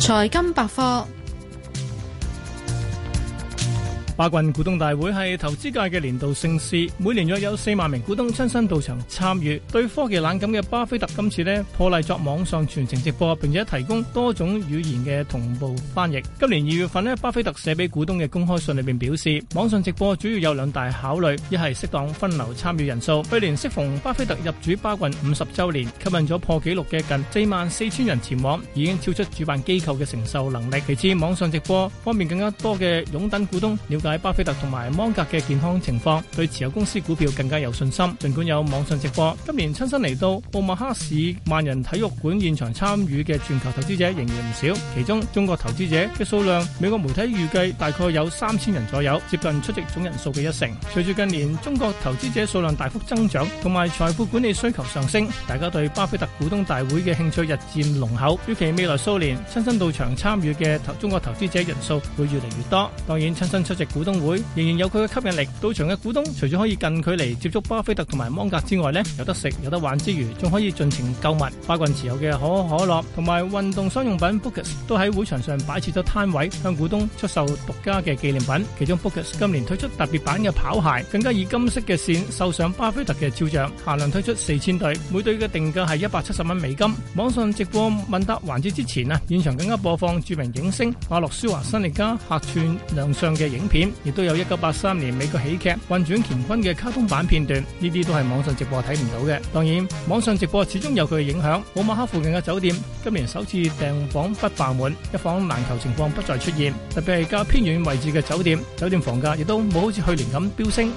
財金百科。巴郡股東大會係投資界嘅年度盛事，每年約有四萬名股東親身到場參與。對科技冷感嘅巴菲特今次呢破例作網上全程直播，並且提供多種語言嘅同步翻譯。今年二月份呢巴菲特寫俾股東嘅公開信裏邊表示，網上直播主要有兩大考慮：一係適當分流參與人數。去年適逢巴菲特入主巴郡五十周年，吸引咗破紀錄嘅近四萬四千人前往，已經超出主辦機構嘅承受能力。其次，網上直播方便更加多嘅擁躉股東了解。喺巴菲特同埋芒格嘅健康情況，對持有公司股票更加有信心。儘管有網上直播，今年親身嚟到奧馬哈市萬人體育館現場參與嘅全球投資者仍然唔少。其中中國投資者嘅數量，美國媒體預計大概有三千人左右，接近出席總人數嘅一成。隨住近年中國投資者數量大幅增長，同埋財富管理需求上升，大家對巴菲特股東大會嘅興趣日漸濃厚。預期未來數年親身到場參與嘅中國投資者人數會越嚟越多。當然，親身出席股股東會仍然有佢嘅吸引力。到場嘅股東除咗可以近距離接觸巴菲特同埋芒格之外呢，有得食有得玩之餘，仲可以盡情購物。巴郡持有嘅可口可樂同埋運動商用品 Buckus 都喺會場上擺設咗攤位，向股東出售獨家嘅紀念品。其中 Buckus 今年推出特別版嘅跑鞋，更加以金色嘅線繡上巴菲特嘅肖像，限量推出四千對，每對嘅定價係一百七十蚊美金。網上直播問答環節之前啊，現場更加播放著名影星阿諾舒華辛力加客串亮相嘅影片。亦都有一九八三年美國喜劇《運轉乾坤》嘅卡通版片段，呢啲都係網上直播睇唔到嘅。當然，網上直播始終有佢嘅影響。奧馬哈附近嘅酒店今年首次訂房不爆滿，一房難求情況不再出現。特別係較偏遠位置嘅酒店，酒店房價亦都冇好似去年咁飆升。